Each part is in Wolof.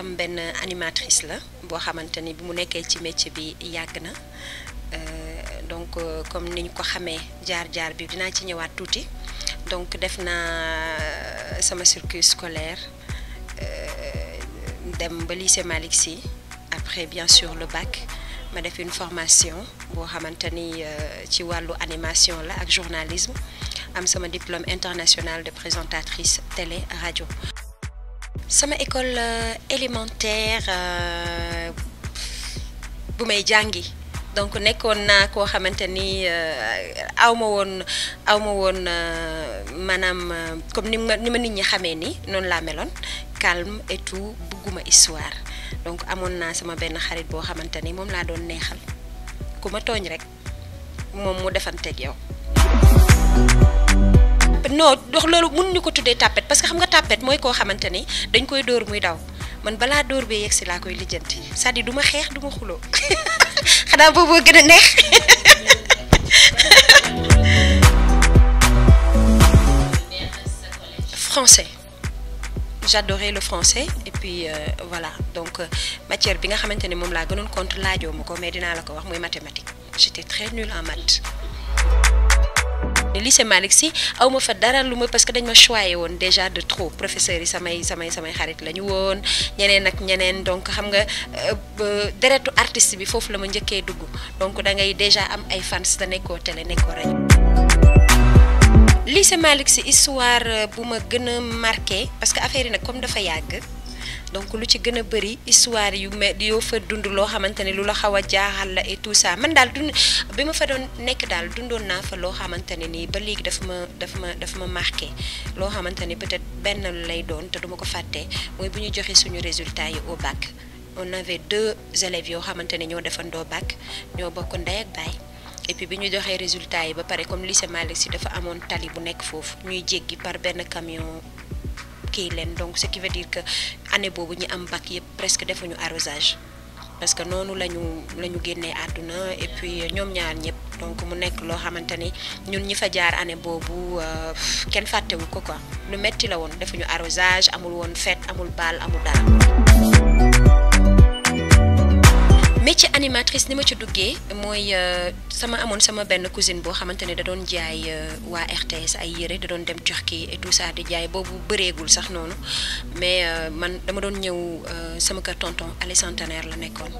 itam benn animatrice la boo xamante ni bi mu nekkee ci métier bi yàgg na euh, donc euh, comme ni ñu ko xamee jaar-jaar bi dinaa ci ñëwaat tuuti donc def naa euh, sama circuit scolaire dem ba lycée Malick Sy après bien sûr le bac ma def une formation boo xamante ni ci wàllu animation la ak journalisme am sama diplôme international de présentatrice télé rajo sama école euh, élémentaire euh, bu may jàngi donc nekkoon naa koo xamante ni euh, aw ma woon aw ma woon maanaam comme ni ma ni ma nit ñi xamee ni noonu laa meloon calme et tout bugguma histoire donc amoon naa sama benn xarit boo xamante ni moom laa doon neexal ku ma tooñ rek moom mu defanteeg yow. non dox loolu mun ñu ko tuddee tàppet parce que xam nga tàppet mooy koo xamante ni dañ koy dóor muy daw man balaa dóor bee yegg laa koy lijjanti c'est-à-dire du ma xeex du ma xuloo xanaa booboo gën a neex. français j'adorais le français et puis euh, voilà donc euh, matière bi nga xamante ni moom laa gënoon contre laajoo ko mais dinaa la ko wax mooy mathématique j'étais très nulle en maths. lii lycée Malick Sy aw ma fa dara lu ma parce que dañ ma choyé woon déjà de trop professeurs yi samay samay samay xarit la ñu woon ñeneen ak ñeneen donc xam nga euh, deretu artiste bi foofu la ma njëkkee dugg donc da ngay déjà am ay fans da nekkoo télé nekkoo rajo. lycée Malick Sy histoire euh, bu ma gën a marqué parce que affaire yi nag comme dafa yàgg. donc lu ci gën a bëri histoire yu me yoo fa dund loo xamante ne lu la xaw a jaaxal la et tout ça man daal dund bi ma fa doon nekk daal dundoon naa fa loo xamante ne nii ba léegi dafa ma dafa ma dafa ma marqué loo xamante ne peut-être benn lay doon te duma ko fàtte mooy bu ñu joxee suñu résultat yi au bac on avait deux élèves yoo xamante ne ñoo defandoo bac ñoo bokk ndey ak baay et bi ñu joxee résultat yi ba pare comme lycée Malick si dafa amoon tali bu nekk foofu ñuy jéggi par benn camion. kii leen donc ce qui veut dire que année boobu ñu am bac yëpp presque defuñu arrosage parce que noonu la ñu la ñu génnee àdduna et puis ñoom ñaar ñëpp donc mu nekk loo xamante ni ñun ñi fa jaar année boobu euh, kenn fàttewu ko ko lu metti la woon defuñu arrosage amul woon fête amul baal amul dara. ci animatrice ni ma ci duggee mooy euh, sama amoon sama benn cousine boo xamante ne da doon jaay euh, waa RTS ay yére da doon dem jox ki tout saa di jaay boobu bëreegul sax noonu mais euh, man dama doon ñëw sama kër tonton Aliou Centenaire la nekkoon.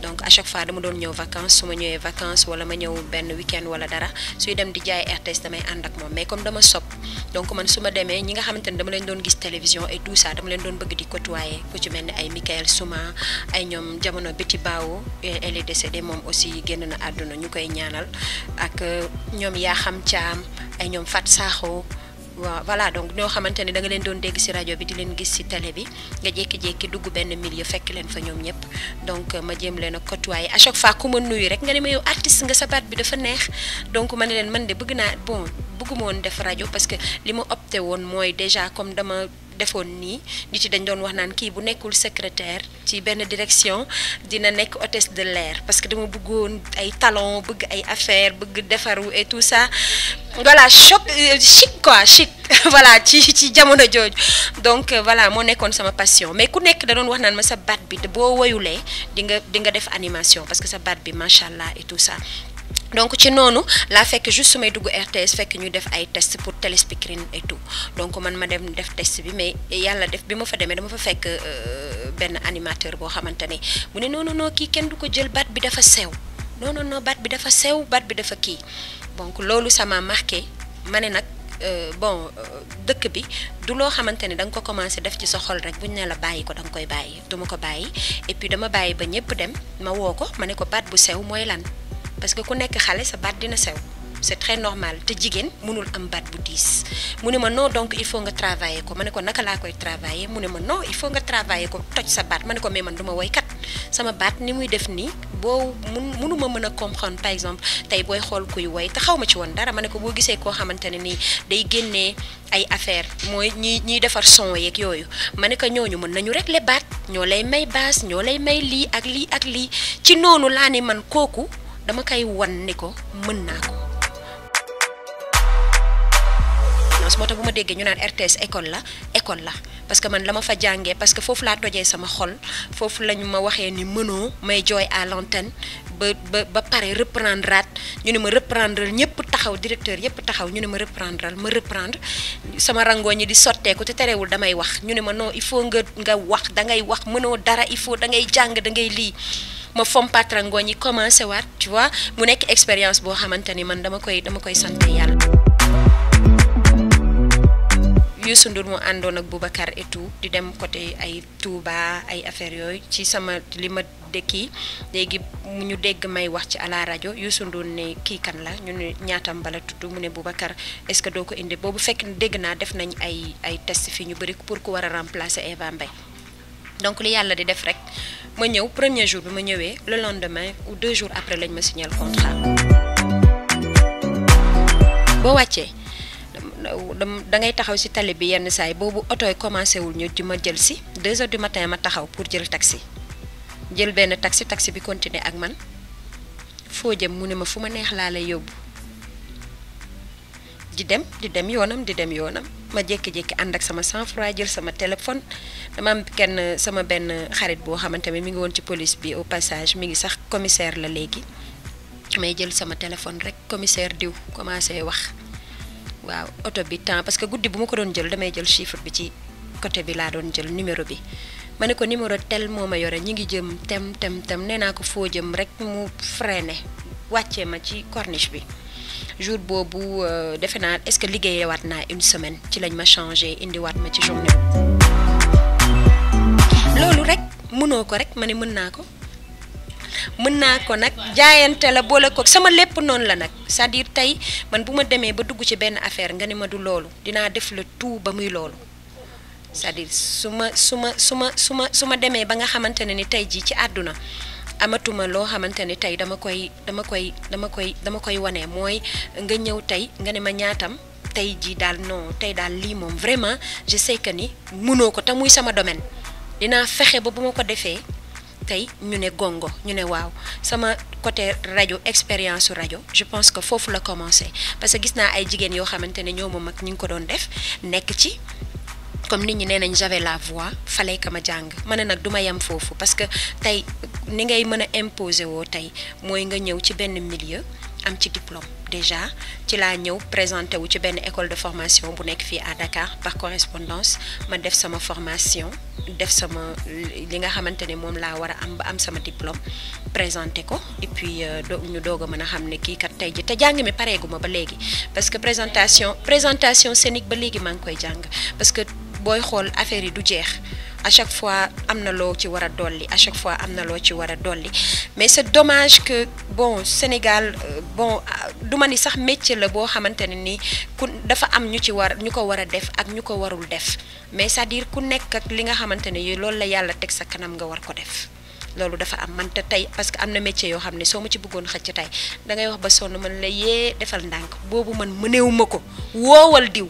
donc à chaque fois dama doon ñëw vacances su ma ñëwee vacance wala ma ñëw benn weekend wala dara suy dem di jaay RTS damay ànd ak moom mais comme dama sopp donc man su ma demee ñi nga xamante ne dama leen doon gis télévision ay tout ça dama leen doon bëgg di côtoyer ku ci mel ni ay Michael ma ay ñoom jamono Betty Bao elle est décédée moom aussi génn na àdduna ñu koy ñaanal ak euh, ñoom yaa xam caam ay ñoom Fat Sakho waaw voilà donc ñoo xamante ne danga leen doon dégg ci rajo bi di leen gis ci télé bi nga jékki-jékki dugg benn milieu fekk leen fa ñoom ñëpp donc euh, ma jéem leen a côtoyer à chaque fois ku ma nuyu rek nga ne ma yow artiste nga sa baat bi dafa neex donc ma ne leen man de bëgg naa bon bëgguma woon def rajo parce que li ma opté woon mooy déjà comme dama. defoon nii nit yi dañ doon wax naan kii bu nekkul secrétaire ci benn direction dina nekk hôtesse de l'air parce que dama bëggoon ay talon bëgg ay affaire bëgg defaru et tout ça voilà shop euh, chic quoi chic voilà ci ci jamono jooj donc euh, voilà moo nekkoon sama passion mais ku nekk da doon wax naan ma sa baat bi boo woyulee di nga di nga def animation parce que sa baat bi macha allah et tout ça donc ci noonu laa fekk su may dugg RTS fekk ñu def ay test pour téléspeakerine et donc man ma dem def test bi mais yàlla def bi ma fa demee dama fa fekk euh, benn animateur boo xamante ne mu ne noonu noo kii kenn du ko jël baat bi dafa sew non non non baat bi dafa sew baat bi dafa kii donc loolu sama m'a ma ne nag euh, bon euh, dëkk bi du loo xamante ne da nga ko commencé def ci sa xol rek bu ñu ne la bàyyi ko da nga koy bàyyi du ma ko bàyyi et puis dama bàyyi ba ñëpp dem ma ko ma ne ko baat bu sew mooy lan. parce que ku nekk xale sa baat dina sew c'est très normal te jigéen mënul am baat bu diis mu ne ma non donc il faut nga travailler ko ma ne ko naka laa koy travailler mu ne ma non il faut nga travailler ko toj sa baat ma ne ko mais man du ma woykat sama baat ni muy def nii boo mun mënuma mën a comprendre par exemple tey booy xool kuy woy te xaw ma ci woon dara ma ne ko boo gisee koo xamante ne nii day génnee ay affaire mooy ñi ñiy defar son yeeg yooyu ma ne ko ñooñu mën nañu rek le baat ñoo lay may baas ñoo lay may lii ak lii ak lii ci noonu laa ne man kooku dama kay wan ni ko mën naa ko. moo tax bu ma déggee ñu naan RTS école la école la parce que man la ma fa jàngee parce que foofu laa tojee sama xol foofu lañu ma waxee ni mënoo may jooy à l'antenne ba ba ba pare reprendre ñu ne ma reprendre ñëpp taxaw directeur yëpp taxaw ñu ne ma reprendre ma reprendre sama rangoo ñi di sotteeku te terewul damay wax ñu ne ma non il faut nga nga wax da ngay wax mënoo dara il faut da ngay jàng da ngay lii ma fompaat rangooñ yi commencé waat tu mu nekk expérience boo xamante ni man dama koy dama koy sant yàlla. Youssou Ndour mu àndoon ak Boubacar et tout di dem côté ay Touba ay affaire yooyu ci sama li ma dëkki léegi mu ñu dégg may wax ci à la rajo Youssou Ndour ne kii kan la ñu ne ñaatam bala tudd mu ne Boubacar est-ce que doo ko indi boobu fekk dégg naa def nañ ay ay test fi ñu bëri pour ku war a remplacer Eva Mbaye donc li yàlla di def rek ma ñëw premier jour bi ma ñëwee le lendemain ou deux jours après lañ ma signé contrat boo wàccee da ngay taxaw ci tali bi yenn saay boobu oto yi commencé wul ñu di ma jël si deux heures du matin ma taxaw pour jël taxi jël benn taxi taxi bi continuer ak man foo jëm mu ne ma fu ma neex laa yóbbu di dem di dem yoonam di dem yoonam. ma jékki-jékki ànd ak sama sang froid jël sama téléphone dama kenn sama benn xarit boo xamante ne mi ngi woon ci police bi au passage mi ngi sax commissaire la léegi may jël sama téléphone rek commissaire diw commencé wax waaw oto bi temps parce que guddi bu ma ko doon jël damay jël chiffre bi ci côté bi laa doon jël numéro bi ma ne ko numéro tel moo ma yore ñi ngi jëm tem tem tem nee naa ko foo jëm rek mu ne wàccee ma ci corniche bi. jour boobu euh, defe naa est-ce que liggéeyewaat naa une semaine ci lañ ma changé indiwaat ma ci journée loolu rek mënoo ko rek ma ne mën naa ko mën naa ko nag jaayante la boole ko sama lépp noonu la nag sa diir tey man bu ma demee ba dugg ci benn affaire nga ne ma du loolu dinaa def le tout ba muy loolu c'est-à-dire su ma su ma su ma su ma su ma demee ba nga xamante ne ni tey jii ci àdduna amatuma loo xamante ni tey dama koy dama koy dama koy dama koy wane mooy nga ñëw tey nga ne ma ñaatam tey jii daal non tey daal lii moom vraiment je sais que ni munoo ko te muy sama domaine dinaa fexe ba bu ma ko defee tey ñu ne gongo ñu ne waaw sama côté rajo expérience rajo je pense que foofu la commencé parce que gis naa ay jigéen yoo xamante ne ñoo ma mag ñu ngi ko doon def nekk ci. comme nit ñi nee nañ j'avais la voix fallait que ma jàng ma ne nag duma ma foofu parce que tey ni ngay mën a imposer woo tey mooy nga ñëw ci benn milieu am ci diplôme déjà ci laa ñëw présenté wu ci benn école de formation bu nekk fii à Dakar par correspondance ma def sama formation def sama li nga xamante ne moom laa war a am ba am sama diplôme présenter ko et puis euh, ñu doog a mën a xam ne kii kat tey ji te jàng mi pareeguma ba léegi parce que présentation présentation scénique ba léegi maa ngi koy jàng booy xool affaire yi du jeex à chaque fois am na loo ci war a dolli à chaque fois am na loo ci war a dolli mais c'est domage que bon Sénégal euh, bon euh, du ma ni sax métier la boo xamante ne ni ku dafa am ñu ci war ñu ko war a def ak ñu ko warul def mais cest à ku nekk li nga xamante ne yi loolu la yàlla teg sa kanam nga war ko def loolu dafa am man te tey parce que am na métier yoo xam ne soo ma ci bëggoon xëcc tey dangay wax ba sonn man la yée defal ndànk boobu man mëneewu ma ko woowal diw.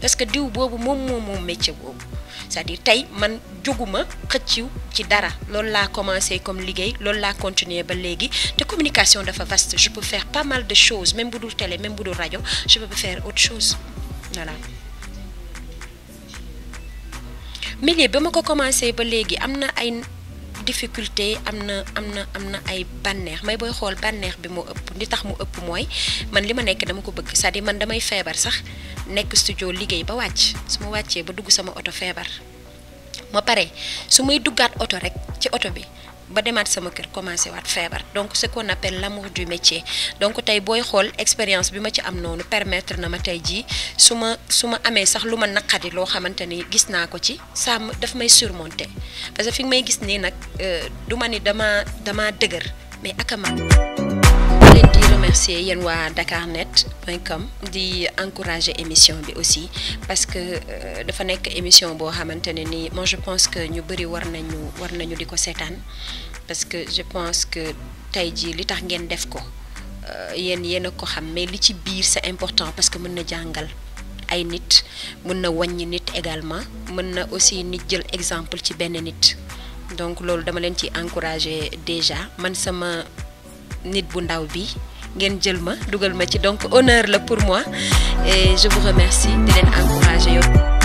parce que diw boobu moom moom moom métier boobu c'est-à-dire tey man jóguma xëcciw ci dara loolu laa commencé comme liggéey loolu laa continuer ba léegi te communication dafa vaste je peux faire pas mal de choses même bu dul télé même bu dul rajo je peux faire autre chose voilà milieu ba ko commencé ba léegi am na ay difficulté am na am na am na ay bànneex may booy xool bànneex bi mu ëpp li tax mu ëpp mooy man li ma nekk dama ko bëgg cest à man damay feebar sax nekk studio liggéey ba wàcc su ma wàccee ba dugg sama oto feebar ma pare su may duggaat oto rek ci oto bi ba demaat sama kër commencé waat feebar donc ce qu'on appelle l'amour du métier donc tey booy xool expérience bi ma ci am noonu permettre na ma tey jii su ma su ma amee sax lu ma naqadi loo xamante ni gis naa ko ci saa daf may surmonter parce que fi may gis nii nag euh, du ma ni dama dama dëgër mais akama remercier yéen waa dakarnet.com di encourager émission bi aussi parce que euh, dafa nekk émission boo xamante ne nii je pense que ñu bëri war nañu war nañu di ko seetaan parce que je pense que tey jii li tax ngeen def ko euh, yéen yéen a ko xam mais li ci biir c'est important parce que mën na jàngal. ay nit mën na wàññi nit également mën na aussi nit jël exemple ci benn nit donc loolu dama leen ci encourager déjà man sama nit bu ndaw bi ngeen jël ma dugal ma ci donc honneur la pour moi et je vous remercie di leen encourager yow.